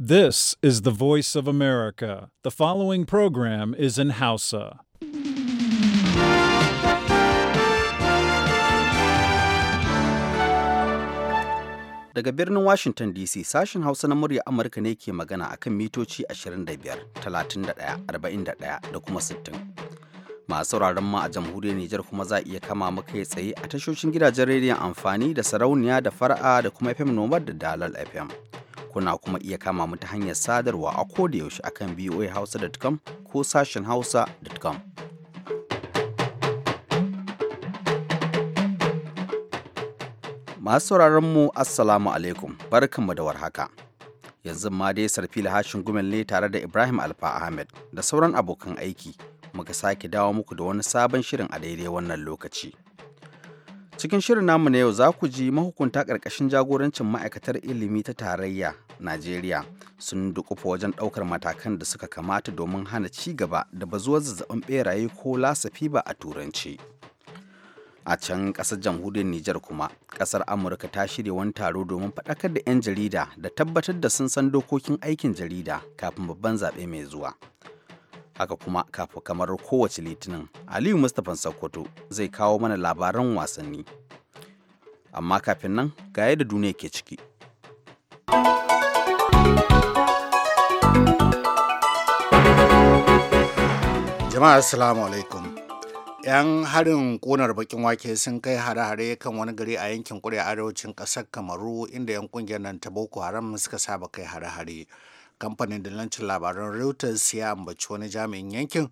This is the voice of America. The following program is in Hausa. Daga birnin Washington DC sashen Hausa na murya Amurka ne ke magana akan mitoci 25, 31, 41 da kuma 60. Masu sauraron ma a jamhuriyar Nijar kuma za iya kama maka tsaye a tashoshin gidajen rediyon amfani da sarauniya da fara'a da kuma FM Nomad da Dalal FM. kuna kuma iya kama mu ta hanyar sadarwa a ko da yaushe akan voahausa.com ko sashen hausa.com. Masu sauraron mu Assalamu alaikum, barkanmu da warhaka. Yanzu ma dai sarfila hashin gumin ne tare da Ibrahim Alfa Ahmed da sauran abokan aiki muka sake dawo muku da wani sabon shirin a daidai wannan lokaci. Cikin shirin namu na yau za ku ji mahukunta ƙarƙashin jagorancin ma'aikatar ilimi ta tarayya Najeriya sun dukufa wajen ɗaukar matakan da suka kamata domin hana ci gaba da bazuwar zazzabin ɓeraye ko lasafi ba a turanci. A can ƙasar jamhuriyar Nijar kuma, ƙasar Amurka ta shirya wani taro domin faɗakar da 'yan jarida da tabbatar da sun san dokokin aikin jarida kafin babban zaɓe mai zuwa. haka kuma kafa kamar kowace litinin aliyu mustapha sokoto zai kawo mana labaran wasanni amma kafin nan ga yadda duniya ke ciki jama'a assalamu alaikum 'yan harin ƙunar bakin wake sun kai hare-hare kan wani gari a yankin kudu arewacin ƙasar kamaru inda 'yan ƙungiyar nan ta boko haram suka saba kai hare-hare kamfanin dalancin labaran reuters ya ambaci wani jami'in yankin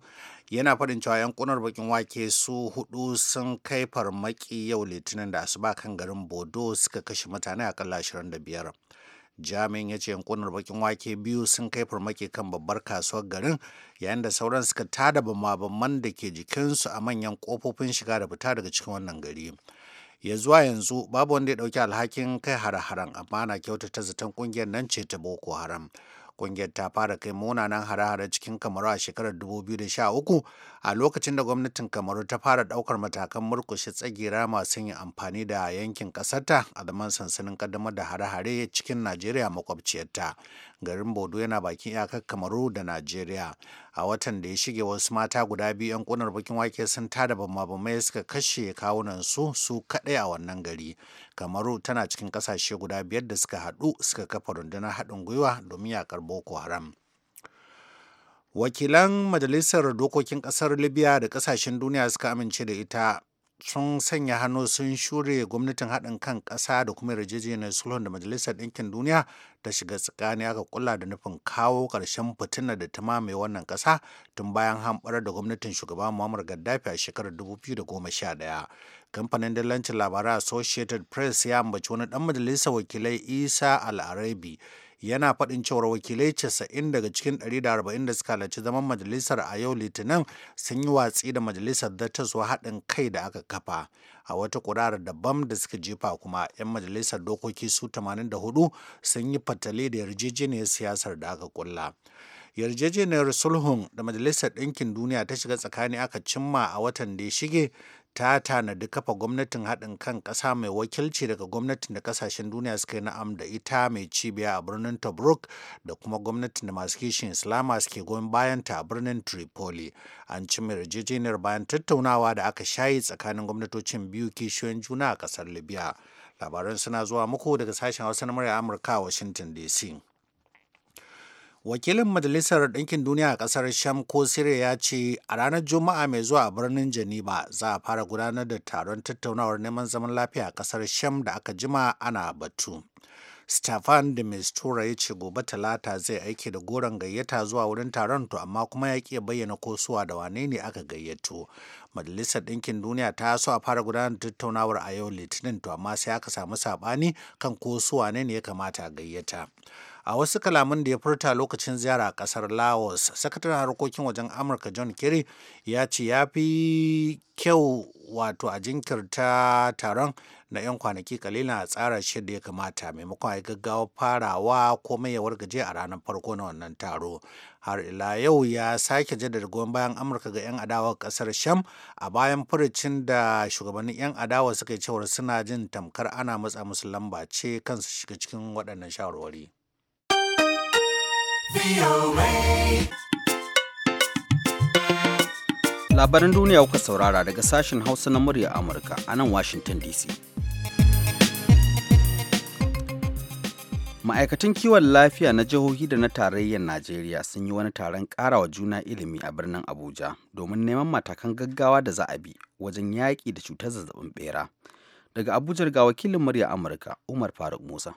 yana faɗin cewa yankunar bakin wake su hudu sun kai farmaki yau litinin da asuba kan garin bodo suka kashe mutane akalla 25 jami'in ya ce yankunar bakin wake biyu sun kai farmaki kan babbar kasuwar garin yayin da sauran suka tada bama da ke jikinsu a manyan kofofin shiga da fita daga cikin wannan gari ya zuwa yanzu babu wanda ya ɗauki alhakin kai hare-haren amma ana kyautata zaton ƙungiyar nan ce ta boko haram Ƙungiyar ta fara kai munanan hare-hare cikin Kamaru a shekarar 2013 a lokacin da gwamnatin Kamaru ta fara ɗaukar matakan murkushe tsagira masu yin amfani da yankin ƙasarta a zaman sansanin ƙaddamar da hare-hare cikin Najeriya makwabciyarta. garin bodo yana bakin iyakar kamaru da najeriya a watan da ya shige wasu mata guda biyu 'yan kunar bakin wake sun tada bamabamai suka kashe kawunan su su kaɗai a wannan gari kamaru tana cikin ƙasashe guda biyar da suka haɗu suka kafa rundunar haɗin gwiwa domin yakar boko haram wakilan majalisar dokokin ƙasar libya da ƙasashen duniya suka amince da ita sun sanya hannu sun shure gwamnatin haɗin kan ƙasa da kuma yarjejeniyar sulhun da majalisar ɗinkin duniya ta shiga tsakani aka kula da nufin kawo ƙarshen fitina da ta mamaye wannan ƙasa tun bayan hamɓar da gwamnatin shugaba muammar gaddafi a shekarar 2011 kamfanin dillancin labarai associated press ya ambaci wani ɗan majalisar wakilai isa Al-Arabi. yana faɗin cewar wakilai 90 daga cikin 140 da suka halarci zaman majalisar a yau litinin sun yi watsi da majalisar zuwa haɗin kai da aka kafa a wata ƙuri'ar dabam da suka jefa kuma 'yan majalisar dokoki su 84 sun yi fatale da yarjejeniyar siyasar da aka kulla. yarjejeniyar sulhun da majalisar ɗinkin duniya ta shiga tsakani aka cimma a watan da ya shige ta tanadi kafa gwamnatin haɗin kan ƙasa mai wakilci daga gwamnatin da ƙasashen duniya suka yi na'am da ita mai cibiya a birnin tobruk da kuma gwamnatin da masu kishin islama suke goyon ta a birnin tripoli an ci mai yarjejeniyar bayan tattaunawa da aka shayi tsakanin gwamnatocin biyu kishiyoyin juna a ƙasar libya labaran suna zuwa muku daga sashen hausa na murya amurka a washington dc wakilin majalisar ɗinkin duniya a ƙasar sham ko siriya ya ce a ranar juma'a mai zuwa a birnin geneva za a fara gudanar da taron tattaunawar neman zaman lafiya a ƙasar sham da aka jima ana batu stefan de mistura ya ce gobe talata zai aiki da goron gayyata zuwa wurin taron to amma kuma ya ƙi bayyana ko suwa da wane ne aka gayyato majalisar ɗinkin duniya ta so a fara gudanar da tattaunawar a yau litinin to amma sai aka samu saɓani kan ko suwa ne ya kamata a gayyata a wasu kalaman da ya furta lokacin ziyara a kasar laos sakataren harkokin wajen amurka john kerry ya ce ya fi kyau wato a jinkirta taron na 'yan kwanaki kalilan a tsara shi da ya kamata maimakon a gaggawa farawa ko mai yawar gaje a ranar farko na wannan taro har ila yau ya sake jaddada goyon bayan amurka ga 'yan adawa kasar sham a bayan furucin da shugabannin 'yan adawa suka yi cewar suna jin tamkar ana matsa musu lamba ce kansu shiga cikin waɗannan shawarwari. Labaran duniya kuka saurara daga sashen Hausa na murya Amurka a nan Washington DC. Ma'aikatan kiwon lafiya na jihohi da na tarayyar Najeriya sun yi wani taron ƙarawa juna ilimi a birnin Abuja domin neman matakan gaggawa da za a bi wajen yaƙi da cutar zazzabin bera. Daga Abuja ga wakilin murya Amurka Umar Faruk Musa.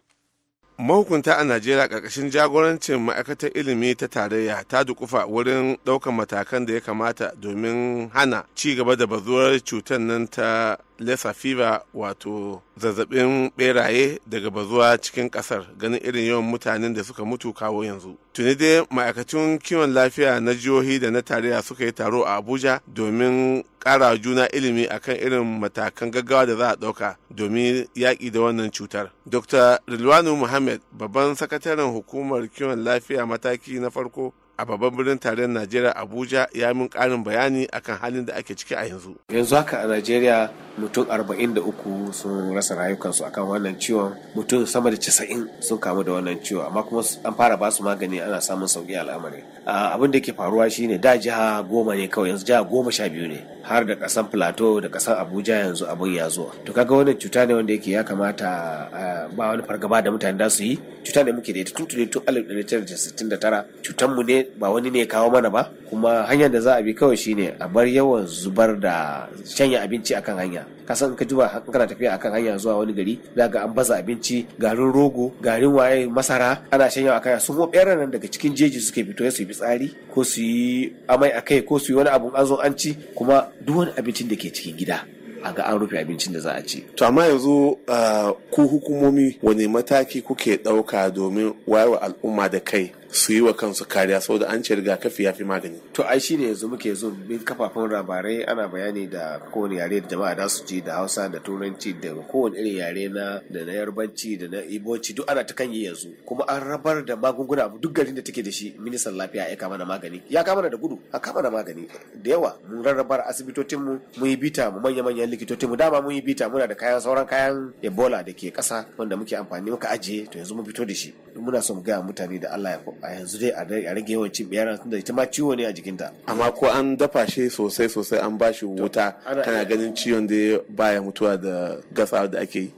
mahukunta a najeriya ƙarƙashin jagorancin ma'aikatar ilimi ta tarayya ta dukufa wurin ɗaukar matakan da ya kamata domin hana ci gaba da bazuwar cutar nan ta lesa fever wato zazzabin beraye daga bazuwa cikin kasar ganin irin yawan mutanen da suka mutu kawo yanzu tuni dai ma'aikacin kiwon lafiya na jihohi da na tarayya suka yi taro a abuja domin kara juna ilimi akan irin matakan gaggawa da za a ɗauka domin yaƙi da wannan cutar dr rilwanu muhammad babban sakataren hukumar kiwon lafiya mataki na farko a babban birnin tarayyar najeriya abuja ya min karin bayani akan halin da ake ciki a yanzu yanzu haka a najeriya mutum arba'in da uku sun rasa rayukansu akan wannan ciwon mutum sama da casa'in sun kamu da wannan ciwon amma kuma an fara basu magani ana samun sauki al'amari Ah, abin da ke faruwa shine da jiha goma ne kawai yanzu jiha goma sha biyu ne har da kasan plateau da kasan abuja yanzu abin ya zo to kaga wannan cuta ne wanda yake ya kamata ah, ba wani fargaba da mutane da su yi cuta ne muke da ita tun tun alif da da sittin da tara cutan mu ne ba wani ne kawo mana ba kuma hanyar da za a bi kawai shine a bar yawan zubar da shanya abinci akan hanya ka san ka ji ba kana tafiya akan hanya zuwa wani gari za ga an baza abinci garin rogo garin waye masara ana shan yawa kaya su kuma ɓeran nan daga cikin jeji suke fito su yi fitsari ko su yi amai a kai ko su yi wani abun an zo an ci kuma duk wani abincin da ke cikin gida a ga an rufe abincin da za a ci. To amma yanzu ah, ku hukumomi wani mataki kuke ɗauka domin wayewa al'umma da kai su yi wa kansu kariya saboda an ce rigakafi ya fi magani. To ai shi ne yanzu muke zo bin kafafen labarai ana bayani da kowane yare da jama'a da su ji da Hausa da Turanci da kowane irin yare na da na Yarbanci da na Iboci duk ana ta kan yi yanzu kuma an rabar da magunguna duk garin da take da shi ministan lafiya ya kama da magani ya kama da gudu a kama da magani da yawa mun rarrabar asibitocin mu mun yi bita mu manya manyan likitocin mu dama mun yi bita muna da kayan sauran kayan Ebola da ke kasa wanda muke amfani muka ajiye to yanzu mu fito da shi muna so mu gaya mutane da Allah ya a yanzu dai a rage yawan cin biyar da ita ma ciwo ne a jikinta amma ko an dafa shi sosai sosai an ba shi wuta kana ganin ciwon da baya mutuwa da gasa da ake yi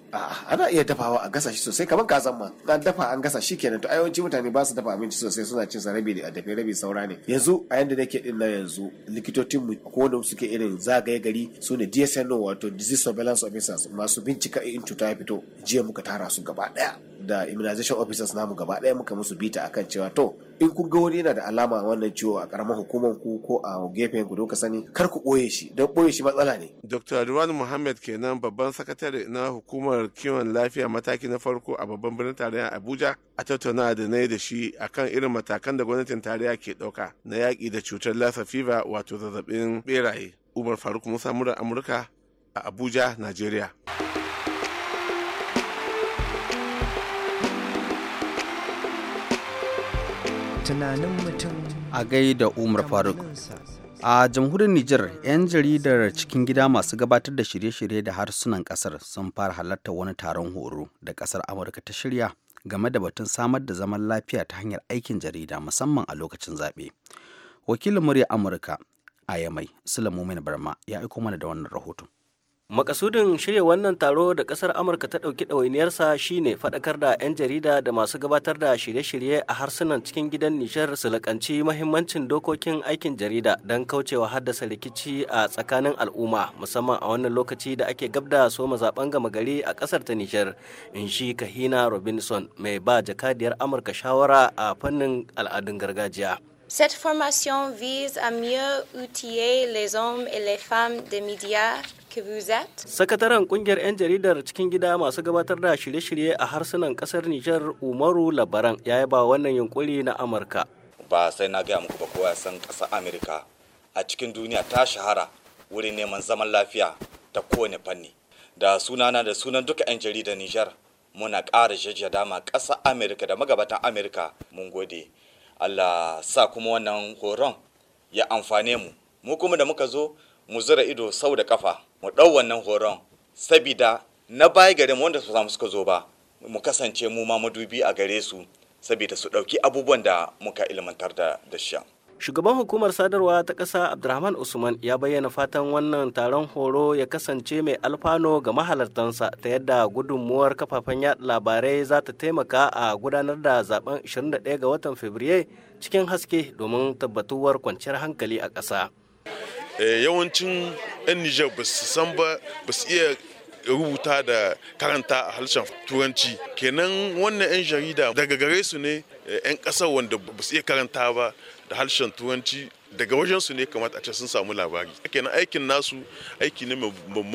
ana iya dafawa a gasa shi sosai kamar kasan ma an dafa an gasa shi kenan to yawanci mutane ba su dafa abinci sosai suna cin sa rabi a dafe rabi saura ne yanzu a yanda nake din na yanzu likitocin mu ko da suke irin zagaye gari su ne DSNO wato disease surveillance officers masu bincika in cuta ya fito jiya muka tara su gaba daya da immunization officers namu gaba ɗaya muka musu bita akan cewa to in kun ga wani yana da alama wannan ciwo a karamar hukumar ku ko a gefen ku ka sani kar ku ɓoye shi don ɓoye shi matsala ne. Dr. Ruwan Muhammad kenan babban sakatare na hukumar kiwon lafiya mataki na farko a babban birnin tarayya Abuja a tattauna da na da shi akan irin matakan da gwamnatin tarayya ke ɗauka na yaƙi da cutar lassa fever wato zazzabin beraye. Umar Faruk Musa murar Amurka a Abuja, Najeriya. tunanin mutum a gaida umar faruk a jamhuriyar niger 'yan jaridar cikin gida masu gabatar da shirye-shirye da harsunan kasar sun fara halartar wani taron horo da kasar amurka ta shirya game da batun samar da zaman lafiya ta hanyar aikin jarida musamman a lokacin zaɓe wakilin murya amurka a yamai mai barma ya aiko mana da wannan rahoton Makasudin shirya wannan taro da kasar Amurka ta ɗauki ɗawainiyarsa shine faɗakar da 'yan jarida da masu gabatar da shirye-shirye a harsunan cikin gidan Nijar su lakanci mahimmancin dokokin aikin jarida don kaucewa haddasa rikici a tsakanin al'umma musamman a wannan lokaci da ake gabda soma zaben gama gari a kasar ta Nijar in shi Kahina Robinson mai ba jakadiyar Amurka shawara a fannin al'adun gargajiya. Cette formation vise à mieux outiller les hommes et les femmes des médias Sakataren kungiyar 'yan jaridar cikin gida masu gabatar da shirye-shirye a harsunan kasar Nijar Umaru Labaran ya yi ba wannan yunkuri na Amurka. Ba sai na gaya muku ba kowa san ƙasa Amurka a cikin duniya ta shahara wurin neman zaman lafiya ta kowane fanni. Da sunana da sunan duka 'yan jaridar Nijar muna ƙara jajjada ma ƙasa Amurka da magabatan Amurka mun gode. Allah sa kuma wannan horon ya amfane mu mu kuma da muka zo mu zura ido sau da kafa mu ɗau wannan horon sabida na baya gare mu wanda su samu suka zo ba mu kasance mu ma madubi a gare su sabida su ɗauki abubuwan da muka ilmantar da shi. shugaban hukumar sadarwa ta ƙasa abdulrahman usman ya bayyana fatan wannan taron horo ya kasance mai alfano ga mahalartansa ta yadda gudunmuwar kafafen yaɗa labarai za ta taimaka a gudanar da zaben 21 ga watan fabriye cikin haske domin tabbatuwar kwanciyar hankali a ƙasa eh, yawancin 'yan nijar ba su san ba ba su iya rubuta da karanta a harshen turanci kenan wannan 'yan jarida daga gare su ne eh, 'yan ƙasar wanda ba su iya karanta ba da harshen turanci daga wajen su ne kamata a ce sun samu labari na aikin nasu aiki ne mai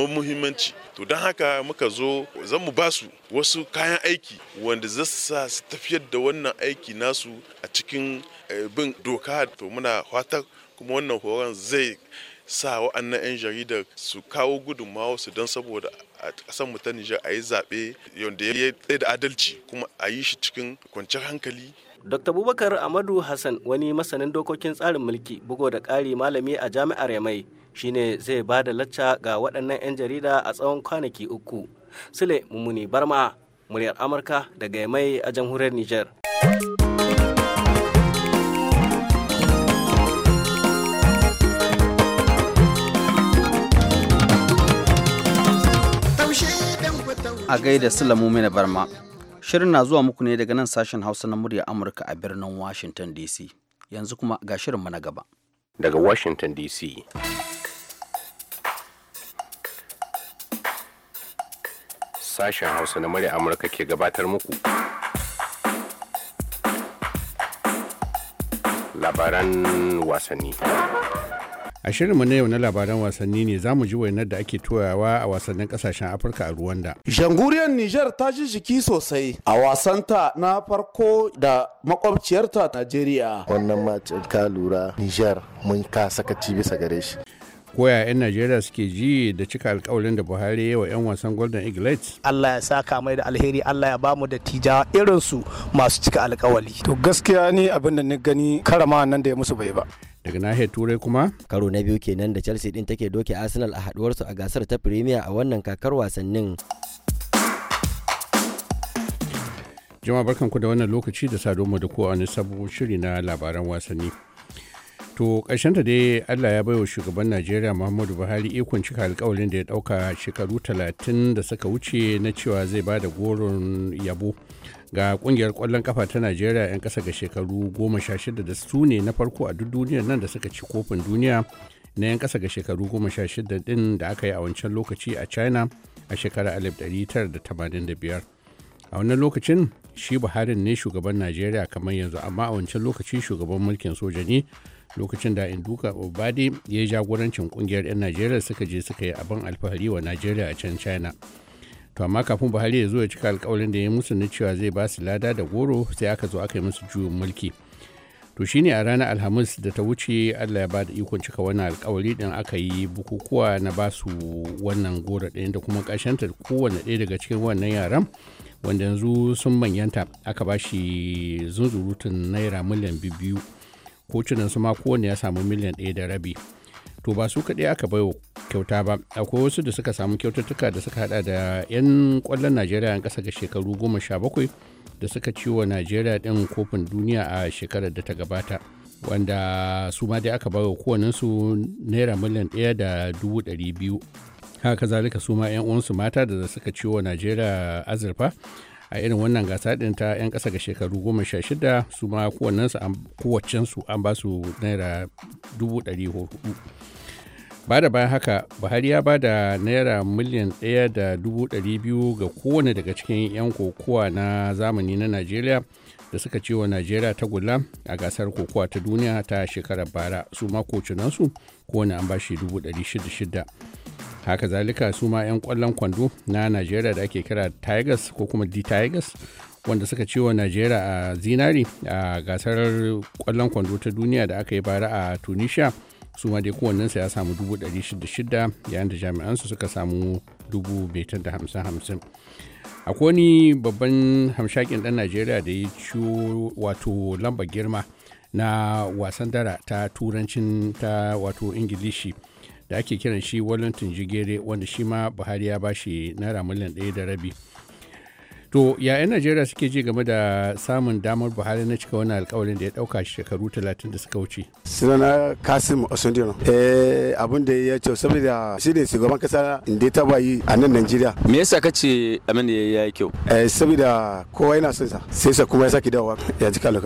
muhimmanci to don haka muka zo zan mu ba su wasu kayan aiki wanda za sa su tafiyar da wannan aiki nasu a cikin eh, bin doka to muna fata kuma wannan horon zai sa wa'annan 'yan jarida su kawo gudunmawa su don saboda a ƙasar mu ta a yi zaɓe yadda ya tsaye da adalci kuma a yi shi cikin kwanciyar hankali Dr. abubakar Amadu Hassan wani masanin dokokin tsarin mulki bugo da ƙari malami a jami'ar Yamai shine zai ba da lacca ga waɗannan 'yan jarida a tsawon kwanaki uku. Sule Mumuni Barma, muryar Amurka daga Yamai a jamhuriyar Nijar. A gaida Sule Mumuni Barma. Shirin na zuwa muku ne daga nan sashen Hausa na murya Amurka a birnin Washington DC. Yanzu kuma ga shirinmu na gaba. Daga Washington DC. Sashen Hausa na murya Amurka ke gabatar muku. Labaran wasanni. a shirinmu na yau na labaran wasanni ne za mu ji wainar da ake toyawa a wasannin kasashen afirka a ruwanda janguriyar Nijar ta ji jiki sosai a wasanta na farko da makwabciyarta najeriya wannan macin ka lura Nijar mun ka sakaci bisa gare shi koya 'yan najeriya suke ji da cika alkawalin da buhari yi wa 'yan wasan golden eagles allah ya saka mai da alheri allah ya bamu da tija irinsu masu cika alkawali to gaskiya ni abin da ni gani karama nan da ya musu bai ba daga nahiyar turai kuma karo na biyu kenan da chelsea din take doke arsenal a haduwarsu a gasar ta premier a wannan kakar wasannin jama'a barkanku da wannan lokaci da sado mu da kowa wani sabon shiri na labaran wasanni to ta dai allah ya baiwa shugaban najeriya muhammadu buhari ikon cika alkawarin da ya ɗauka shekaru talatin da suka wuce na cewa zai ba da goron yabo ga kungiyar kwallon kafa ta najeriya 'yan kasa ga shekaru goma sha shida da su ne na farko a duk duniyar nan da suka ci kofin duniya na 'yan kasa ga shekaru goma sha shida din da aka yi a wancan lokaci a china a shekarar 1985 a wannan lokacin shi buhari ne shugaban najeriya kamar yanzu amma a wancan lokaci shugaban mulkin soja ne lokacin da induka obade ya yi jagorancin kungiyar 'yan najeriya suka je suka yi abin alfahari wa najeriya a can china to amma kafin buhari ya zo ya cika alkawalin da ya musu na cewa zai ba su lada da goro sai aka zo aka yi musu juyin mulki to shine a ranar alhamis da ta wuce allah ya ba da ikon cika wannan alkawari din aka yi bukukuwa na ba su wannan goro ɗaya da kuma ƙarshenta kowane ɗaya daga cikin wannan yaran wanda yanzu sun manyanta aka ba shi zunzurutun naira miliyan biyu kotunan su ma kowane ya samu miliyan ɗaya da rabi to ba su kaɗai aka bai kyauta ba akwai wasu da suka samu kyaututtuka da suka hada da 'yan kwallon najeriya 'yan ƙasa ga shekaru goma sha bakwai da suka ciwo najeriya ɗin kofin duniya a shekarar da ta gabata wanda su ma dai aka bai wa kowanensu naira miliyan ɗaya da dubu ɗari biyu haka zalika su ma 'yan uwansu mata da suka ciwo najeriya azurfa a irin wannan gasa ɗin ta 'yan kasa ga shekaru goma sha shida su ma kowacensu an ba su naira dubu dari hudu ba da bayan haka buhari ya ba da naira miliyan ɗaya da dubu dari biyu ga kowane daga cikin 'yan kokowa na zamani na najeriya da suka ce wa najeriya ta gula a gasar kokowa ta duniya ta shekarar bara su ma kocinansu kowane an ba shi dubu dari shida shida haka zalika su ma 'yan kwallon kwando na najeriya da ake kira tigers ko kuma d tigers wanda suka ciwo najeriya a zinari a gasar kwallon kwando ta duniya da aka yi bara a tunisia su ma dai kowannensa ya samu 600 yayin da jami'ansu suka samu 50 akwai wani babban hamshakin dan najeriya da ya ciwo wato lamba girma na wasan dara ta turancin ta wato ingilishi da ake kiran shi wellington jigere wanda shi ma buhari ya bashi naira miliyan ɗaya da rabi To yayan Najeriya suke ji game da samun damar Buhari na cika wani alkawarin da ya dauka shekaru 30 da suka wuce. Sunana Kasim Osundino. Eh abin da ya ce saboda shi ne shugaban kasa da ta yi a nan Najeriya. Me yasa ka ce abin da ya yi kyau? Eh saboda kowa yana son sa. Sai sa kuma ya saki dawowa ya ji Suna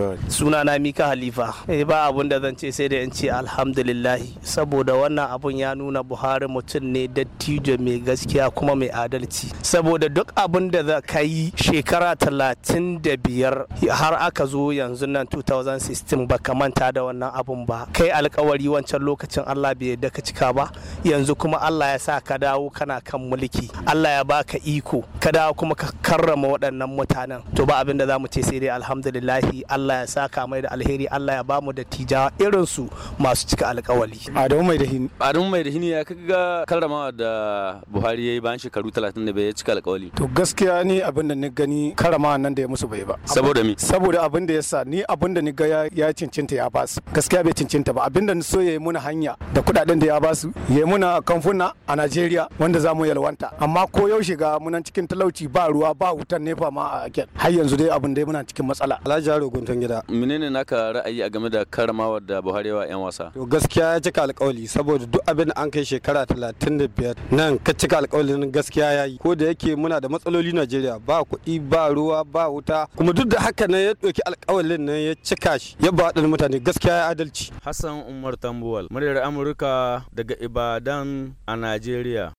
Sunana Mika Halifa. Eh ba abin da zan ce sai da in ce alhamdulillah saboda wannan abun ya nuna Buhari mutum ne dattijo mai gaskiya kuma mai adalci. Saboda duk abin da za ka yi shekara talatin da biyar har aka zo yanzu nan 2016 baka manta da wannan abun ba kai alkawari wancan lokacin allah bai yadda ka cika ba yanzu kuma allah ya sa ka dawo kana kan mulki allah ya baka iko ka dawo kuma ka karrama waɗannan mutanen to ba abin da za mu ce sai dai alhamdulillahi allah ya ka mai da alheri allah ya bamu da irin irinsu masu cika alkawari adamu mai da hini adamu mai da hini ya kaga karramawa da buhari ya yi bayan shekaru 35 ya cika alkawari to gaskiya ni abin da ni gani karama nan da ya musu bai ba saboda mi saboda abin da yasa ni abin da ni ga ya cincinta ya ba su gaskiya bai cincinta ba abin da ni so ya yi muna hanya da kudaden da ya ba su ya yi muna kamfuna a Najeriya wanda za mu yalwanta amma ko yau shiga munan cikin talauci ba ruwa ba wutan nefa ma a kyan har yanzu dai abin dai muna cikin matsala Alhaji Haro Guntun gida menene naka ra'ayi a game da karamawar da Buhari wa yan wasa to gaskiya ya cika alkawali saboda duk abin da an kai shekara 35 nan ka cika alkawalin gaskiya yayi ko da yake muna da matsaloli Najeriya ba ku kuɗi ba ruwa ba wuta kuma duk da haka nan ya ɗauki alƙawalin nan ya cika shi ya ba mutane gaskiya ya adalci hassan umar tambuwal muryar amurka daga ibadan a najeriya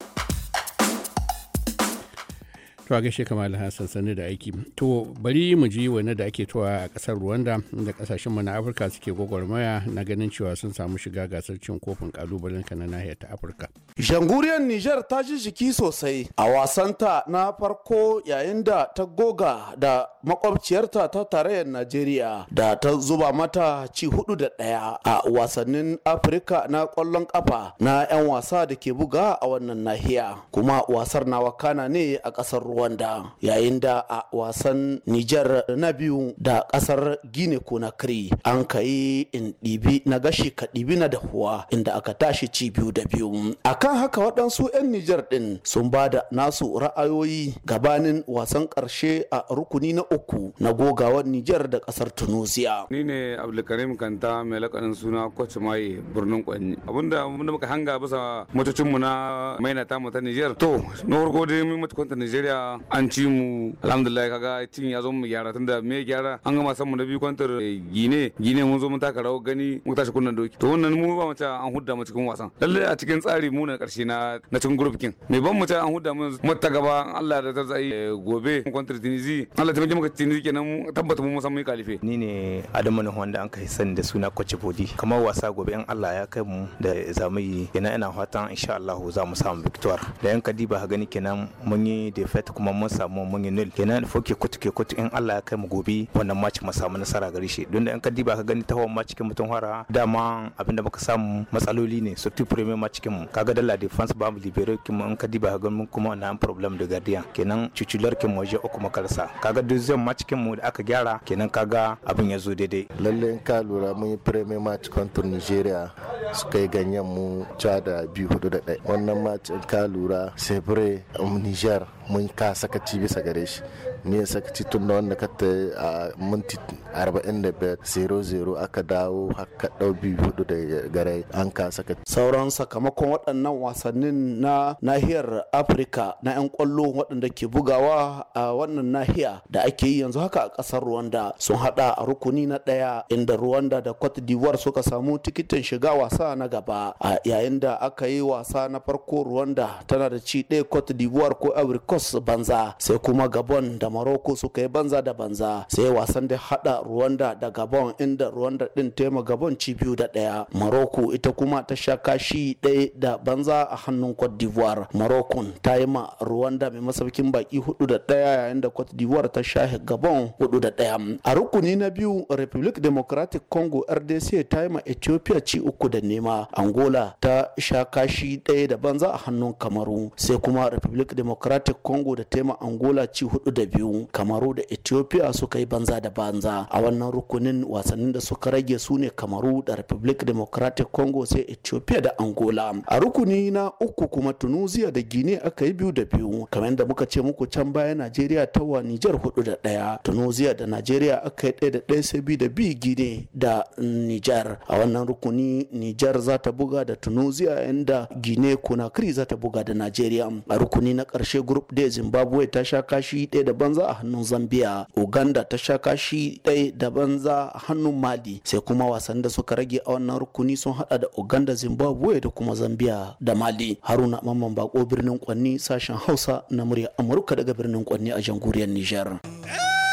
to a gaishe kamar hassan sani da aiki to bari mu ji wani da ake towa a kasar rwanda inda kasashen mu na afirka suke gwagwarmaya na ganin cewa sun samu shiga gasar cin kofin kalubalen ka na nahiyar ta afirka janguriyar niger ta ji jiki sosai a wasanta na farko yayin da ta goga da makwabciyarta ta tarayyar najeriya da ta zuba mata ci hudu da daya a wasannin afirka na kwallon kafa na 'yan wasa da ke buga a wannan nahiya kuma wasar na wakana ne a kasar wanda yayin da a wasan Nijar na biyu da kasar Gine Conakry an kai in ɗibi na gashi ka ɗibi na dahuwa inda aka tashi ci biyu da biyu. Akan haka waɗansu 'yan Nijar ɗin sun ba da nasu ra'ayoyi gabanin wasan ƙarshe a rukuni na uku na gogawar Nijar da ƙasar Tunisia. Ni ne Abdulkarim Kanta mai lakanin suna Kwace Maye birnin kwanye. Abinda da muka hanga bisa motocinmu na maina ta ta Nijar. To, na farko dai mun mutukunta Nijeriya an ci mu alhamdulillah kaga cin ya zo mu gyara tunda me gyara an gama san mu na biyu kwantar eh, gine gine mun zo mun taka rawar gani mu tashi kunnan doki to wannan mu ba mu ta an hudda mu cikin wasan lalle a cikin tsari mu na karshe na na cikin group kin me ban mu ta an hudda mu mata gaba Allah eh, da tarzai gobe kwantar tinizi Allah ta maka tinizi kenan tabbata mu san mu kalife ni ne Adamu ne wanda an kai sani da suna Kwace Bodi kamar wasa gobe in Allah ya kai mu da zamuyi. ina ina fatan insha Allah za mu samu victoire da yan kadiba gani kenan mun yi defect kuma mun samu mun yi nil kenan fo ke kutu ke kutu in Allah ya kai mu gobe wannan match mu samu nasara gare shi don da in ka diba ka gani tawon match kin mutun hara dama abinda muka samu matsaloli ne su premier match kin mu kaga dalla defense ba mu libero kin mu in ka diba ka gani kuma na problem da guardian kenan cucular kin mu je uku makarsa kaga duk zan match kin mu da aka gyara kenan kaga abin ya zo daidai lalle in ka lura mun yi premier match contre Nigeria su kai ganyen mu cada biyu hudu da ɗaya wannan match in ka lura sebre um, Niger mun ka sakaci bisa gare shi y'a sakaci tun da wanda ka ta a minti 45 aka dawo haka dau biyu hudu da gare an ka sakaci sauran sakamakon waɗannan wasannin na nahiyar afirka na 'yan kwallo waɗanda ke bugawa a wannan nahiya da ake yi yanzu haka a ƙasar rwanda sun hada a rukuni na ɗaya inda rwanda da cote d'ivoire suka samu tikitin shiga wasa na gaba a yayin da aka yi wasa na farko rwanda tana da ci ɗaya cote d'ivoire ko ivory Jamus banza sai kuma Gabon da Morocco suka yi banza da banza sai wasan da hada Rwanda da Gabon inda Rwanda din tema Gabon ci biyu da daya Morocco ita kuma ta sha kashi ɗaya da banza a hannun Cote d'Ivoire Morocco ta yi ma Rwanda mai masaukin baki hudu da daya yayin da Cote d'Ivoire ta sha Gabon hudu da daya a rukuni na biyu Republic Democratic Congo RDC ta yi ma Ethiopia ci uku da nema Angola ta sha kashi ɗaya da banza a hannun Kamaru sai kuma Republic Democratic congo da tema angola ci hudu da biyu kamaru da ethiopia suka yi banza da banza a wannan rukunin wasannin da suka rage su ne kamaru da republic democratic congo sai ethiopia da angola a rukuni na uku kuma tunisia da guinea aka yi biyu da biyu kamar yadda muka ce muku can baya najeriya ta wa nijar hudu da daya tunisia da najeriya aka yi daya da daya sai biyu da biyu guinea da nijar a wannan rukuni nijar za ta buga da tunisia inda guinea conakry za ta buga da najeriya a rukuni na karshe group da zimbabwe ta sha kashi ɗaya da banza a hannun zambia uganda ta sha kashi ɗaya da banza a hannun mali sai kuma wasan da suka rage a wannan rukuni sun hada da uganda zimbabwe da kuma zambia da mali haruna mamman bako birnin kwanni sashen hausa na murya amurka daga birnin kwanni a jamhuriyar nijar eh!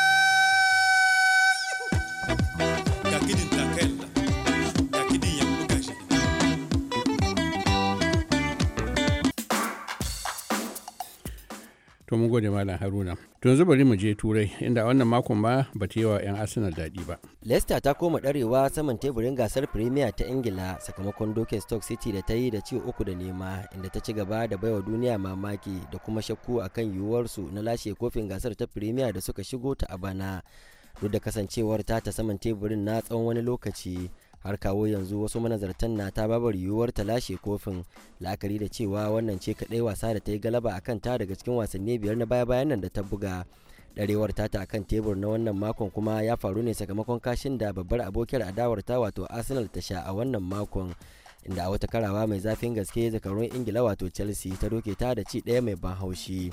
to mun gode malam haruna to yanzu bari mu je turai inda wannan makon ba ba ta yi wa 'yan arsenal daɗi ba leicester ta koma ɗarewa saman teburin gasar premier ta ingila sakamakon dokin stoke city da ta yi da ci uku da nema inda ta ci gaba da baiwa duniya mamaki da kuma shakku akan yiwuwarsu na lashe kofin gasar ta premier da suka shigo ta a bana duk da kasancewar ta ta saman teburin na tsawon wani lokaci har kawo yanzu wasu manazartan na ta babar yiwuwar ta lashe kofin la'akari da cewa wannan ce kadai wasa da ta yi galaba a kan ta daga cikin wasanni biyar na baya-bayan nan da ta buga darewar tata kan tebur na wannan makon kuma ya faru ne sakamakon kashin da babbar abokiyar adawar ta wato arsenal ta sha a wannan makon inda a wata karawa mai zafin gaske zakarun ingila wato chelsea ta doke ta da ci ɗaya mai ban haushi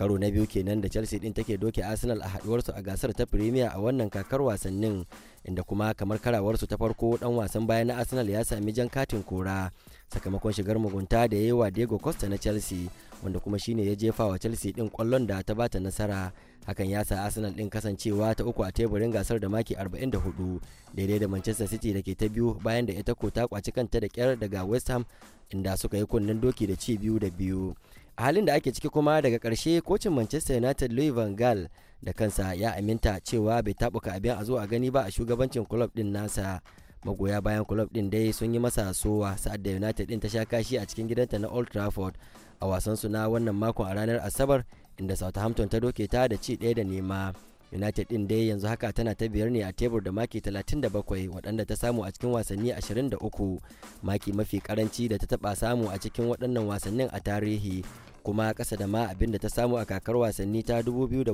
karo na biyu kenan da chelsea din take doke arsenal a haduwarsu a gasar ta premier a wannan kakar wasannin inda kuma kamar karawarsu ta farko dan wasan baya na arsenal ya sami jan katin kora sakamakon shigar mugunta da ya yi wa diego costa na chelsea wanda kuma shine ya jefa wa chelsea din kwallon da ta bata nasara hakan ya sa arsenal din kasancewa ta uku a teburin gasar da maki 44 daidai da manchester city da ke ta biyu bayan da ita ko ta kwaci kanta da kyar daga west ham inda suka yi kunnen doki da ci biyu da biyu a halin da ake ciki kuma daga ƙarshe kocin manchester united louis van gaal da kansa ya aminta cewa bai taɓuka abin a zo a gani ba a shugabancin club din nasa magoya bayan club din dai sun yi masa sowa sa'ad da united din ta sha kashi a cikin gidanta na old trafford a wasan su na wannan makon a ranar asabar inda southampton ta doke ta da ci daya da nema united din dai yanzu haka tana ta biyar ne a tebur da maki 37 waɗanda ta samu a cikin wasanni 23 maki mafi karanci da ta taɓa samu a cikin waɗannan wasannin a tarihi kuma ƙasa da ma abinda ta samu a kakar wasanni ta 2013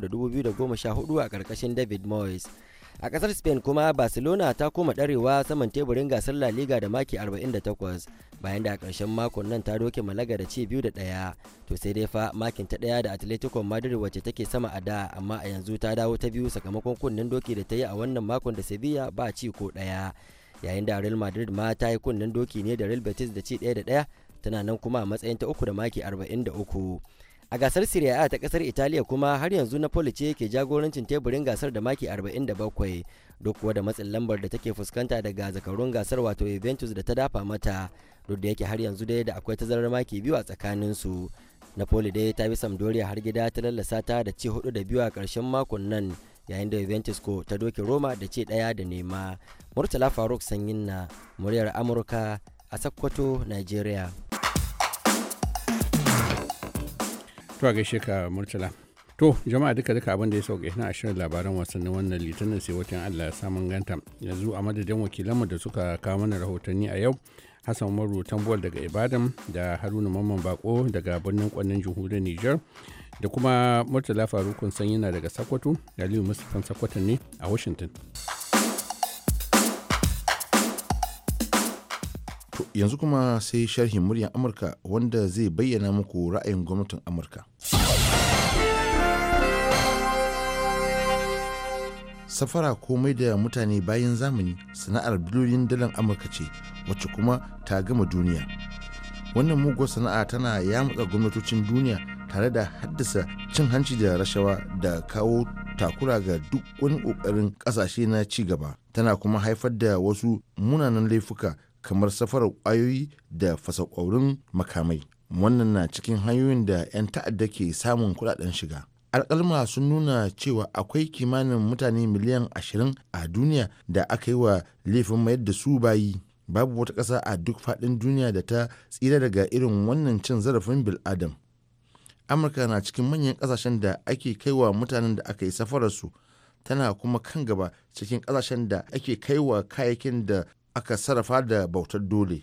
da 2014 a ƙarƙashin david moyes a ƙasar spain kuma barcelona ta koma ɗarewa saman teburin gasar la liga da maki 48 bayan da a ƙarshen makon nan ta doke malaga da ci biyu da ɗaya to sai dai fa makin ta ɗaya da atletico madrid wacce take sama a da amma a yanzu ta dawo ta biyu sakamakon kunnen doki da ta yi a wannan makon da sevilla ba ci ko ɗaya yayin da real madrid ma ta yi kunnen doki ne da real betis da ci ɗaya da ɗaya tana nan kuma a matsayin ta uku da maki 43 a gasar Serie A ta kasar Italiya kuma har yanzu Napoli ce ke jagorancin teburin gasar da maki 47 duk kuwa da matsin lambar da take fuskanta daga zakarun gasar wato Juventus da ta dafa mata duk da yake har yanzu dai da akwai tazarar maki biyu a tsakanin su Napoli dai ta bi Sampdoria har gida ta lallasa ta da ci hudu da biyu a karshen makon nan yayin da Juventus ko ta doke Roma da ce daya da nema Murtala Faruk Sanyin na muryar Amurka a Sokoto Nigeria to gaishe ka murtala to jama'a duka duka abin da ya sauke na ashirin labaran wasannin wannan litinin sai watan allah samun ganta yanzu a madadin wakilanmu da suka kawo mana rahotanni a yau hassan umaru tambol daga ibadan da haruna mamman bako daga birnin kwannin jamhuriyar niger da kuma murtala farukun sanyina daga sakwato aliyu mustapha sakwato ne a washington yanzu kuma sai sharhin muryar Amurka wanda zai bayyana muku ra'ayin gwamnatin Amurka. Safara komai da mutane bayan zamani sana'ar biliyoyin dalar Amurka ce wacce kuma ta gama duniya. Wannan mugu sana'a tana yamutsa gwamnatocin duniya tare da haddasa cin hanci da rashawa da kawo takura ga duk wani kokarin kasashe na ci gaba. Tana kuma haifar da wasu munanan laifuka kamar safarar ƙwayoyi da fasakwaurin makamai wannan na cikin hanyoyin da 'yan ta'adda ke samun kudaden shiga alƙalma sun nuna cewa akwai kimanin mutane miliyan 20 a duniya da aka yi wa laifin mayar da su bayi babu wata ƙasa a duk faɗin duniya da ta tsira daga irin wannan cin zarafin bil'adam amurka na cikin manyan ƙasashen da ake kaiwa mutanen da aka yi safararsu tana kuma kan gaba cikin ƙasashen da ake kaiwa kayakin da aka sarrafa da bautar dole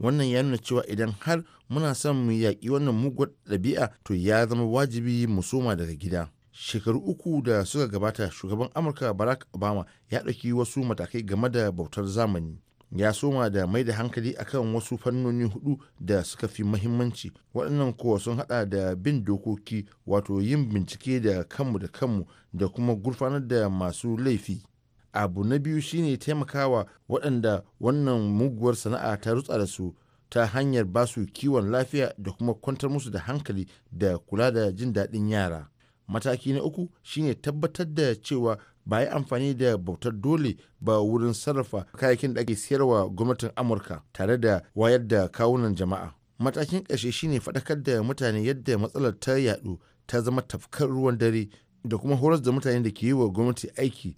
wannan ya nuna cewa idan har muna son mu yaƙi wannan mugun ɗabi'a to ya zama wajibi mu soma daga gida shekaru uku da suka gabata shugaban amurka barack obama ya ɗauki wasu matakai game da bautar zamani ya soma da mai da hankali akan wasu fannoni hudu da suka fi mahimmanci waɗannan kuwa sun hada da bin dokoki wato yin bincike da kanmu da kanmu da kuma gurfanar da masu laifi abu na biyu shine taimakawa waɗanda wannan muguwar sana'a ta rutsa da su ta hanyar ba su kiwon lafiya da kuma kwantar musu da hankali da kula da jin daɗin yara mataki na uku shine tabbatar da cewa ba yi amfani da bautar dole ba wurin sarrafa kayakin da ake siyarwa gwamnatin amurka tare da wayar da kawunan jama'a matakin ƙarshe shine faɗakar da mutane yadda matsalar ta yaɗu ta zama tafkar ruwan dare da kuma horas da mutane da ke yi wa gwamnati aiki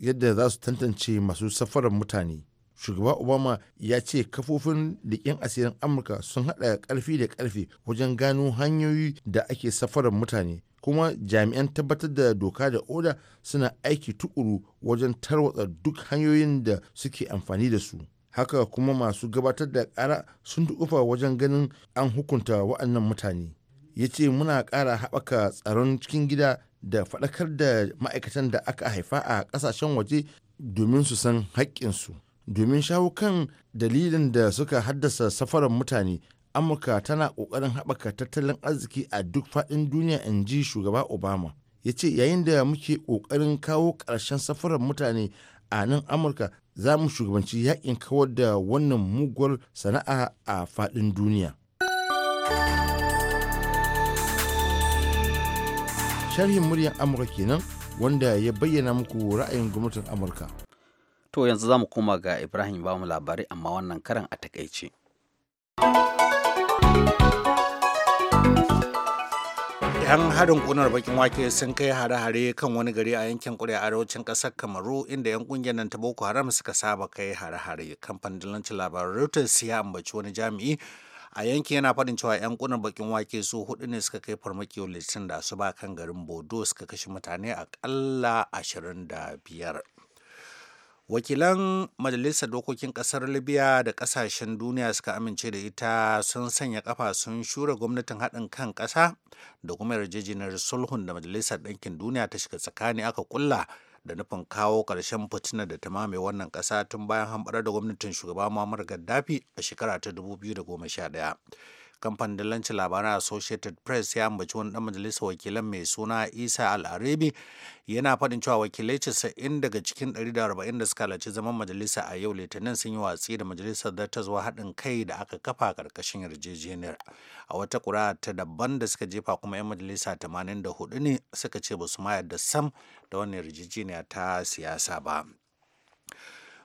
yadda za su tantance masu safarar mutane shugaba obama ya ce kafofin liƙin asirin amurka sun haɗa ƙarfi da ƙarfe wajen gano hanyoyi da ake safarar mutane kuma jami'an tabbatar da doka da oda suna aiki tukuru wajen tarwatsa duk hanyoyin da suke amfani da su haka kuma masu gabatar da ƙara sun tukufa wajen ganin an hukunta wa'annan mutane ya ce muna ƙara haɓaka tsaron cikin gida da faɗakar da ma'aikatan da aka haifa a ƙasashen waje domin su san haƙƙinsu domin shawo kan dalilin da suka haddasa safarar mutane amurka tana ƙoƙarin haɓaka tattalin arziki a duk faɗin duniya in ji shugaba obama ya ce yayin da muke ƙoƙarin kawo ƙarshen safarar mutane a nan amurka za mu shugabanci yaƙin kawar da wannan muguwar sana'a a faɗin duniya sharhin muryar amurka kenan wanda ya bayyana muku ra'ayin gwamnatin amurka to yanzu za mu koma ga ibrahim ba mu labarai amma wannan karan a takaice yan harin kunar bakin wake sun kai hare-hare kan wani gari a yankin a arewacin kasar kamaru inda yan kungiyar nan ta boko haram suka saba kai hare-hare kamfanin fandalancin labarai reuters ya ambaci wani jami'i a yankin yana faɗin cewa 'yan kunan bakin wake su hudu ne suka kai farmaki litinin da su ba kan garin bodo suka kashe mutane a aƙalla 25 wakilan majalisar dokokin ƙasar libya da ƙasashen duniya suka amince da ita sun sanya kafa sun shura gwamnatin haɗin kan ƙasa da kuma yarjejeniyar sulhun da majalisar ɗankin duniya ta shiga tsakani aka kulla da nufin kawo ƙarshen fitina da ta mame wannan ƙasa tun bayan hamɓarar da gwamnatin shugaba Muammar Gaddafi a shekara ta 2011. kamfanin dalancin labaran associated press ya ambaci wani dan majalisar wakilan mai suna isa al-arabi yana faɗin cewa wakilai 90 daga cikin 140 da suka halarci zaman majalisa a yau litinin sun yi watsi da majalisar zuwa haɗin kai da aka kafa karkashin yarjejeniyar a wata kura ta daban da suka jefa kuma 'yan majalisa 84 ne suka ce ba su ma yarda sam da wannan yarjejeniya ta siyasa ba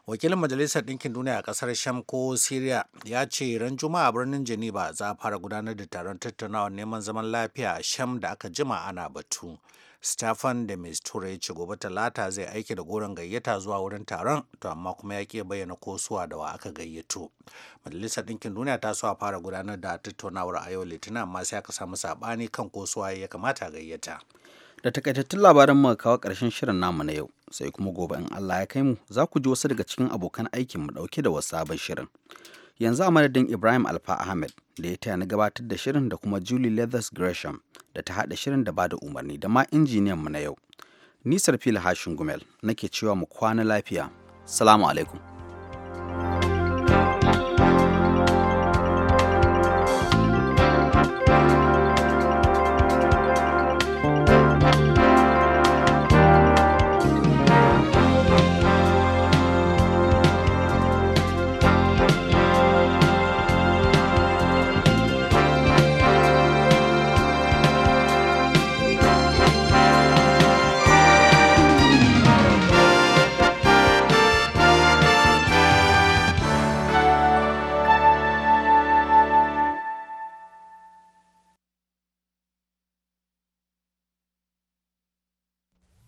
wakilin majalisar ɗinkin duniya a kasar sham ko syria ya ce ran juma'a birnin geneva za a fara gudanar da taron tattaunawar neman zaman lafiya a sham da aka jima ana batu stefan da mistura ya ce gobe talata zai aiki da goron gayyata zuwa wurin taron to amma kuma ya ke bayyana ko suwa da wa aka gayyato majalisar ɗinkin duniya ta so a fara gudanar da tattaunawar a yau litinin amma sai aka samu saɓani kan ko suwa ya kamata gayyata da takaitattun labarin mu kawo ƙarshen shirin namu na yau sai kuma gobe in Allah ya kai mu za ku ji wasu daga cikin abokan aikin mu ɗauke da wasu sabon shirin. Yanzu a madadin Ibrahim Alfa Ahmed da ya taya na gabatar da shirin da kuma Julie Leathers Gresham da ta haɗa shirin da bada umarni da ma injiniyan mu na yau. ni Sarfil hashin gumel nake cewa mu kwana lafiya. Salamu alaikum.